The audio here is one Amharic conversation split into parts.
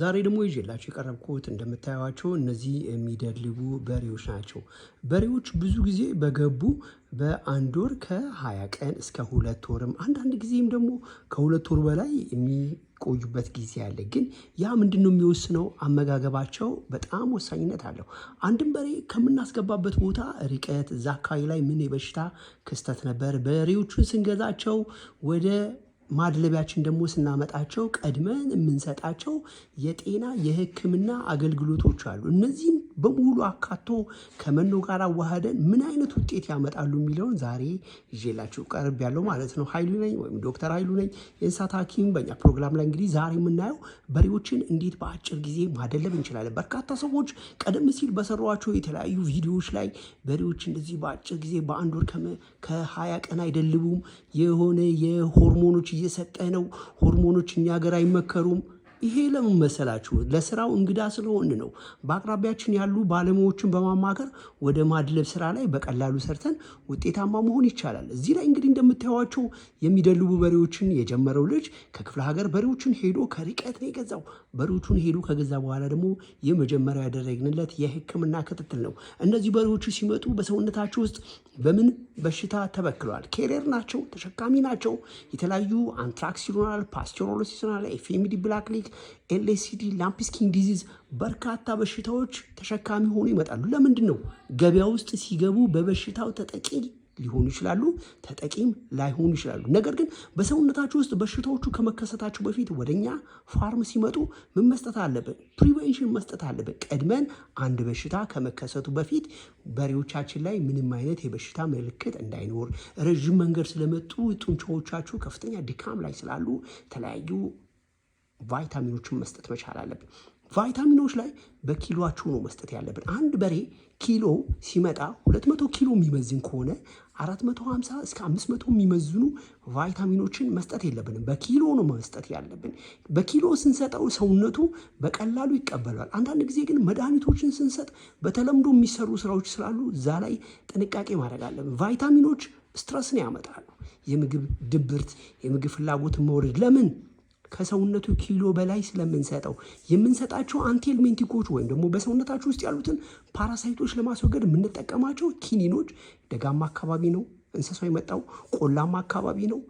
ዛሬ ደግሞ ይዤላቸው የቀረብኩት እንደምታዩቸው እነዚህ የሚደልቡ በሬዎች ናቸው። በሬዎች ብዙ ጊዜ በገቡ በአንድ ወር ከ20 ቀን እስከ ሁለት ወርም አንዳንድ ጊዜም ደግሞ ከሁለት ወር በላይ የሚቆዩበት ጊዜ አለ። ግን ያ ምንድን ነው የሚወስነው? አመጋገባቸው በጣም ወሳኝነት አለው። አንድም በሬ ከምናስገባበት ቦታ ርቀት፣ እዛ አካባቢ ላይ ምን የበሽታ ክስተት ነበር፣ በሬዎቹን ስንገዛቸው ወደ ማድለቢያችን ደግሞ ስናመጣቸው ቀድመን የምንሰጣቸው የጤና የሕክምና አገልግሎቶች አሉ። እነዚህም በሙሉ አካቶ ከመኖ ጋር አዋህደን ምን አይነት ውጤት ያመጣሉ የሚለውን ዛሬ ይዤላችሁ ቀርብ ያለው ማለት ነው። ኃይሉ ነኝ ወይም ዶክተር ኃይሉ ነኝ የእንስሳት ሐኪም። በእኛ ፕሮግራም ላይ እንግዲህ ዛሬ የምናየው በሬዎችን እንዴት በአጭር ጊዜ ማደለብ እንችላለን። በርካታ ሰዎች ቀደም ሲል በሰሯቸው የተለያዩ ቪዲዮዎች ላይ በሬዎች እንደዚህ በአጭር ጊዜ በአንድ ወር ከሀያ ቀን አይደልቡም፣ የሆነ የሆርሞኖች እየሰጠ ነው፣ ሆርሞኖች እኛ ሀገር አይመከሩም ይሄ ለምን መሰላችሁ? ለስራው እንግዳ ስለሆን ነው። በአቅራቢያችን ያሉ ባለሙያዎችን በማማከር ወደ ማድለብ ስራ ላይ በቀላሉ ሰርተን ውጤታማ መሆን ይቻላል። እዚህ ላይ እንግዲህ እንደምታዩዋቸው የሚደልቡ በሬዎችን የጀመረው ልጅ ከክፍለ ሀገር በሬዎችን ሄዶ ከርቀት ነው የገዛው። በሬዎቹን ሄዶ ከገዛ በኋላ ደግሞ የመጀመሪያ ያደረግንለት የሕክምና ክትትል ነው። እነዚህ በሬዎቹ ሲመጡ በሰውነታቸው ውስጥ በምን በሽታ ተበክለዋል? ኬሬር ናቸው፣ ተሸካሚ ናቸው። የተለያዩ አንትራክስ ይሉናል፣ ፓስቸሮሎሲስ ይሉናል፣ ኤፍኤምዲ ብላክሊክ ኤልኤሲዲ፣ ላምፕስኪን ዲዚዝ በርካታ በሽታዎች ተሸካሚ ሆኑ ይመጣሉ። ለምንድን ነው? ገበያ ውስጥ ሲገቡ በበሽታው ተጠቂ ሊሆኑ ይችላሉ፣ ተጠቂም ላይሆኑ ይችላሉ። ነገር ግን በሰውነታችሁ ውስጥ በሽታዎቹ ከመከሰታቸው በፊት ወደኛ ፋርም ሲመጡ ምን መስጠት አለብን? ፕሪቬንሽን መስጠት አለብን። ቀድመን አንድ በሽታ ከመከሰቱ በፊት በሬዎቻችን ላይ ምንም አይነት የበሽታ ምልክት እንዳይኖር፣ ረዥም መንገድ ስለመጡ ጡንቻዎቻችሁ ከፍተኛ ድካም ላይ ስላሉ ተለያዩ ቫይታሚኖችን መስጠት መቻል አለብን። ቫይታሚኖች ላይ በኪሎችሁ ነው መስጠት ያለብን። አንድ በሬ ኪሎ ሲመጣ 200 ኪሎ የሚመዝን ከሆነ 450 እስከ 500 የሚመዝኑ ቫይታሚኖችን መስጠት የለብንም። በኪሎ ነው መስጠት ያለብን። በኪሎ ስንሰጠው ሰውነቱ በቀላሉ ይቀበላል። አንዳንድ ጊዜ ግን መድኃኒቶችን ስንሰጥ በተለምዶ የሚሰሩ ስራዎች ስላሉ እዛ ላይ ጥንቃቄ ማድረግ አለብን። ቫይታሚኖች ስትረስን ያመጣሉ። የምግብ ድብርት፣ የምግብ ፍላጎትን መውረድ ለምን ከሰውነቱ ኪሎ በላይ ስለምንሰጠው የምንሰጣቸው አንቴልሜንቲኮች ወይም ደግሞ በሰውነታችሁ ውስጥ ያሉትን ፓራሳይቶች ለማስወገድ የምንጠቀማቸው ኪኒኖች ደጋማ አካባቢ ነው እንስሳው የመጣው ቆላማ አካባቢ ነው፣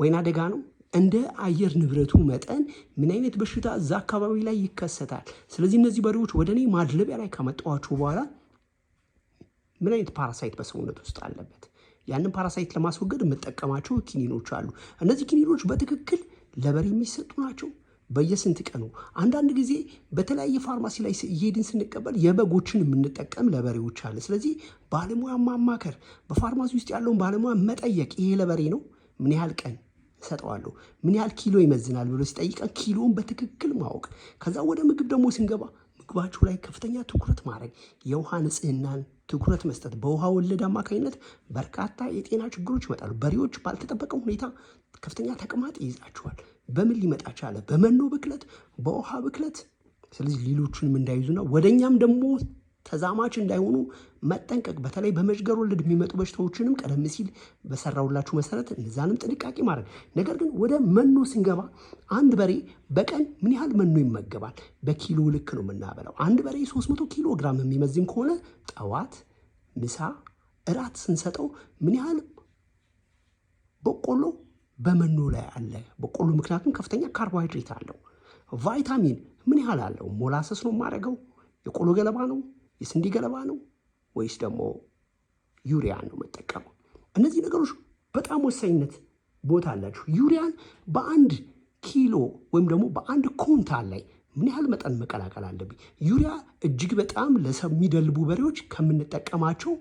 ወይና ደጋ ነው። እንደ አየር ንብረቱ መጠን ምን አይነት በሽታ እዛ አካባቢ ላይ ይከሰታል። ስለዚህ እነዚህ በሬዎች ወደ እኔ ማድለቢያ ላይ ከመጣዋቸው በኋላ ምን አይነት ፓራሳይት በሰውነት ውስጥ አለበት፣ ያንን ፓራሳይት ለማስወገድ የምጠቀማቸው ኪኒኖች አሉ። እነዚህ ኪኒኖች በትክክል ለበሬ የሚሰጡ ናቸው። በየስንት ቀኑ አንዳንድ ጊዜ በተለያየ ፋርማሲ ላይ እየሄድን ስንቀበል የበጎችን የምንጠቀም ለበሬዎች አለ። ስለዚህ ባለሙያ ማማከር፣ በፋርማሲ ውስጥ ያለውን ባለሙያ መጠየቅ፣ ይሄ ለበሬ ነው፣ ምን ያህል ቀን እሰጠዋለሁ፣ ምን ያህል ኪሎ ይመዝናል ብሎ ሲጠይቀን ኪሎን በትክክል ማወቅ። ከዛ ወደ ምግብ ደግሞ ስንገባ ምግባቸው ላይ ከፍተኛ ትኩረት ማድረግ የውሃ ንጽህናን ትኩረት መስጠት። በውሃ ወለድ አማካኝነት በርካታ የጤና ችግሮች ይመጣሉ። በሬዎች ባልተጠበቀ ሁኔታ ከፍተኛ ተቅማጥ ይይዛቸዋል። በምን ሊመጣ ቻለ? በመኖ ብክለት፣ በውሃ ብክለት። ስለዚህ ሌሎቹንም እንዳይዙና ወደኛም ደግሞ ተዛማች እንዳይሆኑ መጠንቀቅ፣ በተለይ በመዥገር ወለድ የሚመጡ በሽታዎችንም ቀደም ሲል በሰራውላችሁ መሰረት እነዛንም ጥንቃቄ ማድረግ። ነገር ግን ወደ መኖ ስንገባ አንድ በሬ በቀን ምን ያህል መኖ ይመገባል? በኪሎ ልክ ነው የምናበላው። አንድ በሬ 300 ኪሎ ግራም የሚመዝን ከሆነ ጠዋት፣ ምሳ፣ እራት ስንሰጠው ምን ያህል በቆሎ በመኖ ላይ አለ? በቆሎ ምክንያቱም ከፍተኛ ካርቦሃይድሬት አለው። ቫይታሚን ምን ያህል አለው? ሞላሰስ ነው የማደርገው የቆሎ ገለባ ነው የስንዴ ገለባ ነው ወይስ ደግሞ ዩሪያን ነው መጠቀሙ? እነዚህ ነገሮች በጣም ወሳኝነት ቦታ አላችሁ። ዩሪያን በአንድ ኪሎ ወይም ደግሞ በአንድ ኩንታል ላይ ምን ያህል መጠን መቀላቀል አለብኝ? ዩሪያ እጅግ በጣም የሚደልቡ በሬዎች ከምንጠቀማቸው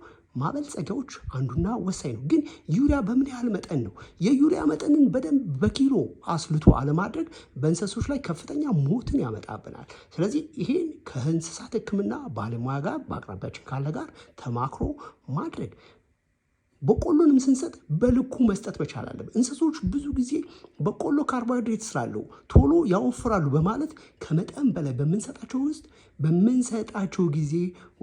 ማበልጸጊያዎች አንዱና ወሳኝ ነው። ግን ዩሪያ በምን ያህል መጠን ነው? የዩሪያ መጠንን በደንብ በኪሎ አስልቶ አለማድረግ በእንሰሶች ላይ ከፍተኛ ሞትን ያመጣብናል። ስለዚህ ይሄን ከእንስሳት ሕክምና ባለሙያ ጋር በአቅራቢያችን ካለ ጋር ተማክሮ ማድረግ በቆሎንም ስንሰጥ በልኩ መስጠት መቻል አለብን። እንስሶች ብዙ ጊዜ በቆሎ ካርቦሃይድሬት ስላለው ቶሎ ያወፍራሉ በማለት ከመጠን በላይ በምንሰጣቸው ውስጥ በምንሰጣቸው ጊዜ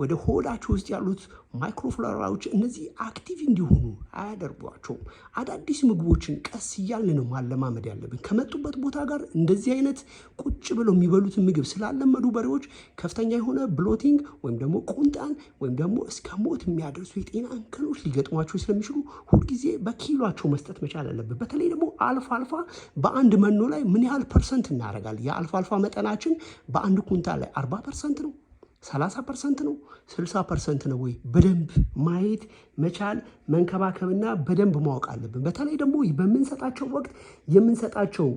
ወደ ሆዳቸው ውስጥ ያሉት ማይክሮፍላራዎች እነዚህ አክቲቭ እንዲሆኑ አያደርጓቸውም። አዳዲስ ምግቦችን ቀስ እያልን ነው ማለማመድ ያለብን። ከመጡበት ቦታ ጋር እንደዚህ አይነት ቁጭ ብለው የሚበሉትን ምግብ ስላለመዱ በሬዎች ከፍተኛ የሆነ ብሎቲንግ ወይም ደግሞ ቁንጣን ወይም ደግሞ እስከ ሞት የሚያደርሱ የጤና እንከኖች ሊገጥሟቸው ስለሚችሉ ሁልጊዜ በኪሏቸው መስጠት መቻል አለብን። በተለይ ደግሞ አልፋ አልፋ በአንድ መኖ ላይ ምን ያህል ፐርሰንት እናደርጋለን? የአልፋ አልፋ መጠናችን በአንድ ኩንታ ላይ አርባ ፐርሰንት ነው ሰላሳ ፐርሰንት ነው ስልሳ ፐርሰንት ነው ወይ በደንብ ማየት መቻል መንከባከብና በደንብ ማወቅ አለብን። በተለይ ደግሞ በምንሰጣቸው ወቅት የምንሰጣቸው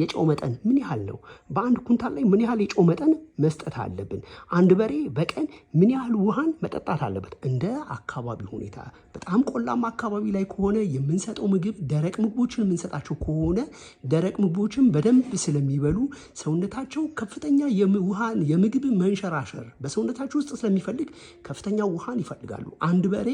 የጨው መጠን ምን ያህል ነው? በአንድ ኩንታል ላይ ምን ያህል የጨው መጠን መስጠት አለብን። አንድ በሬ በቀን ምን ያህል ውሃን መጠጣት አለበት? እንደ አካባቢ ሁኔታ፣ በጣም ቆላማ አካባቢ ላይ ከሆነ የምንሰጠው ምግብ ደረቅ ምግቦችን የምንሰጣቸው ከሆነ ደረቅ ምግቦችን በደንብ ስለሚበሉ ሰውነታቸው ከፍተኛ ውሃን የምግብ መንሸራሸር በሰውነታቸው ውስጥ ስለሚፈልግ ከፍተኛ ውሃን ይፈልጋሉ። አንድ በሬ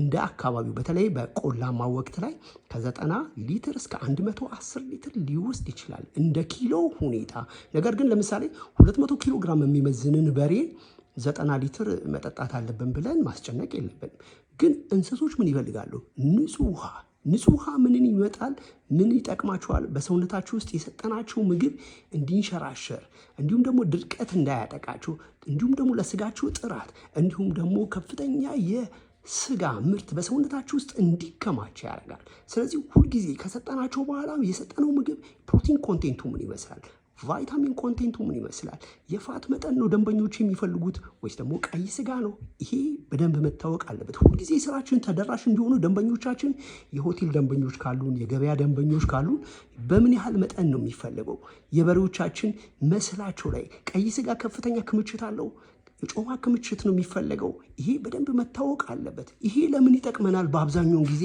እንደ አካባቢው በተለይ በቆላማ ወቅት ላይ ከዘጠና ሊትር እስከ 110 ሊትር ሊወስድ ይችላል እንደ ኪሎ ሁኔታ። ነገር ግን ለምሳሌ 200 ኪሎ ግራም የሚመዝንን በሬ ዘጠና ሊትር መጠጣት አለብን ብለን ማስጨነቅ የለብን። ግን እንስሶች ምን ይፈልጋሉ? ንጹህ ውሃ። ንጹህ ውሃ ምንን ይመጣል? ምን ይጠቅማቸዋል በሰውነታችሁ ውስጥ የሰጠናችሁ ምግብ እንዲንሸራሸር፣ እንዲሁም ደግሞ ድርቀት እንዳያጠቃችሁ፣ እንዲሁም ደግሞ ለስጋችሁ ጥራት፣ እንዲሁም ደግሞ ከፍተኛ የስጋ ምርት በሰውነታችሁ ውስጥ እንዲከማች ያደርጋል። ስለዚህ ሁልጊዜ ከሰጠናቸው በኋላ የሰጠነው ምግብ ፕሮቲን ኮንቴንቱ ምን ይመስላል ቫይታሚን ኮንቴንቱ ምን ይመስላል? የፋት መጠን ነው ደንበኞች የሚፈልጉት ወይስ ደግሞ ቀይ ስጋ ነው? ይሄ በደንብ መታወቅ አለበት። ሁልጊዜ ስራችን ተደራሽ እንዲሆኑ ደንበኞቻችን የሆቴል ደንበኞች ካሉን፣ የገበያ ደንበኞች ካሉን በምን ያህል መጠን ነው የሚፈልገው የበሬዎቻችን መስላቸው ላይ ቀይ ስጋ ከፍተኛ ክምችት አለው የጮማ ክምችት ነው የሚፈለገው። ይሄ በደንብ መታወቅ አለበት። ይሄ ለምን ይጠቅመናል? በአብዛኛውን ጊዜ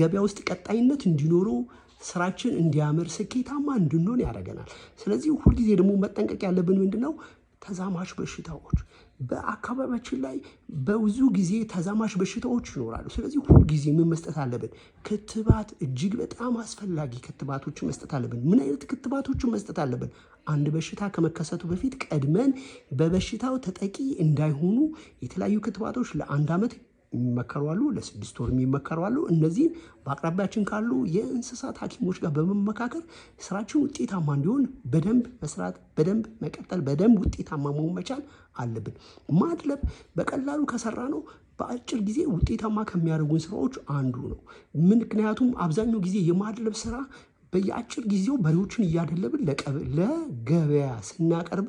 ገበያ ውስጥ ቀጣይነት እንዲኖረው ስራችን እንዲያምር ስኬታማ እንድንሆን ያደርገናል። ስለዚህ ሁልጊዜ ደግሞ መጠንቀቅ ያለብን ምንድን ነው? ተዛማሽ በሽታዎች በአካባቢያችን ላይ በብዙ ጊዜ ተዛማሽ በሽታዎች ይኖራሉ። ስለዚህ ሁል ጊዜ ምን መስጠት አለብን? ክትባት እጅግ በጣም አስፈላጊ ክትባቶችን መስጠት አለብን። ምን አይነት ክትባቶችን መስጠት አለብን? አንድ በሽታ ከመከሰቱ በፊት ቀድመን በበሽታው ተጠቂ እንዳይሆኑ የተለያዩ ክትባቶች ለአንድ ዓመት የሚመከሩ አሉ፣ ለስድስት ወር የሚመከሩ አሉ። እነዚህን በአቅራቢያችን ካሉ የእንስሳት ሐኪሞች ጋር በመመካከር ስራችን ውጤታማ እንዲሆን በደንብ መስራት፣ በደንብ መቀጠል፣ በደንብ ውጤታማ መሆን መቻል አለብን። ማድለብ በቀላሉ ከሰራ ነው በአጭር ጊዜ ውጤታማ ከሚያደርጉን ስራዎች አንዱ ነው። ምክንያቱም አብዛኛው ጊዜ የማድለብ ስራ በየአጭር ጊዜው በሬዎችን እያደለብን ለገበያ ስናቀርብ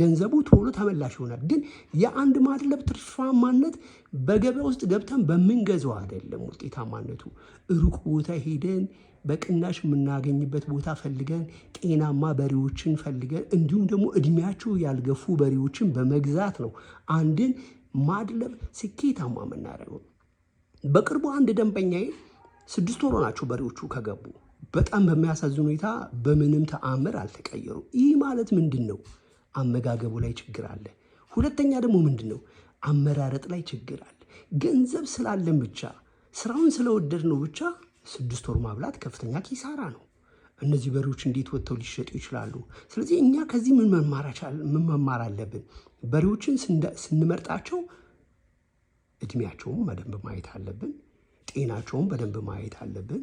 ገንዘቡ ቶሎ ተመላሽ ይሆናል። ግን የአንድ ማድለብ ትርፋማነት በገበያ ውስጥ ገብተን በምንገዛው አይደለም። ውጤታማነቱ ሩቅ ቦታ ሄደን በቅናሽ የምናገኝበት ቦታ ፈልገን ጤናማ በሬዎችን ፈልገን እንዲሁም ደግሞ እድሜያቸው ያልገፉ በሬዎችን በመግዛት ነው አንድን ማድለብ ስኬታማ የምናደርገው። በቅርቡ አንድ ደንበኛዬ ስድስት ወሮ ናቸው በሬዎቹ ከገቡ በጣም በሚያሳዝን ሁኔታ በምንም ተአምር አልተቀየሩ ይህ ማለት ምንድን ነው? አመጋገቡ ላይ ችግር አለ። ሁለተኛ ደግሞ ምንድን ነው? አመራረጥ ላይ ችግር አለ። ገንዘብ ስላለን ብቻ ስራውን ስለወደድ ነው ብቻ ስድስት ወር ማብላት ከፍተኛ ኪሳራ ነው። እነዚህ በሬዎች እንዴት ወጥተው ሊሸጡ ይችላሉ? ስለዚህ እኛ ከዚህ ምን መማር አለብን? በሬዎችን ስንመርጣቸው እድሜያቸውን በደንብ ማየት አለብን። ጤናቸውን በደንብ ማየት አለብን።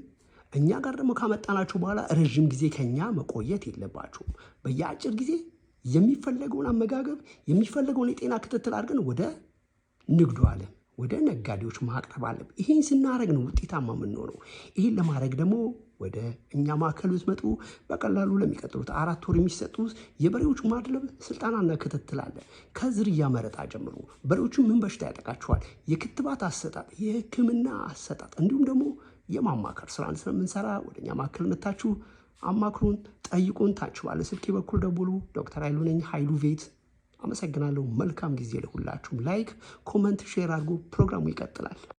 እኛ ጋር ደግሞ ካመጣናችሁ በኋላ ረዥም ጊዜ ከኛ መቆየት የለባችሁም። በየአጭር ጊዜ የሚፈለገውን አመጋገብ የሚፈለገውን የጤና ክትትል አድርገን ወደ ንግዱ አለ ወደ ነጋዴዎች ማቅረብ አለ። ይህን ስናደረግ ነው ውጤታማ የምንሆነው። ይህን ለማድረግ ደግሞ ወደ እኛ ማዕከል ብትመጡ በቀላሉ ለሚቀጥሉት አራት ወር የሚሰጡ የበሬዎች ማድለብ ስልጠናና ክትትል አለ። ከዝርያ መረጣ ጀምሮ በሬዎቹ ምን በሽታ ያጠቃቸዋል፣ የክትባት አሰጣጥ፣ የህክምና አሰጣጥ እንዲሁም ደግሞ የማማከር ስራን ስለምንሰራ ወደ እኛ ማዕከል መታችሁ አማክሩን፣ ጠይቁን። ታችሁ ባለ ስልኬ በኩል ደውሉ። ዶክተር ኃይሉ ነኝ፣ ኃይሉ ቬት። አመሰግናለሁ። መልካም ጊዜ ለሁላችሁም። ላይክ፣ ኮመንት፣ ሼር አድርጉ። ፕሮግራሙ ይቀጥላል።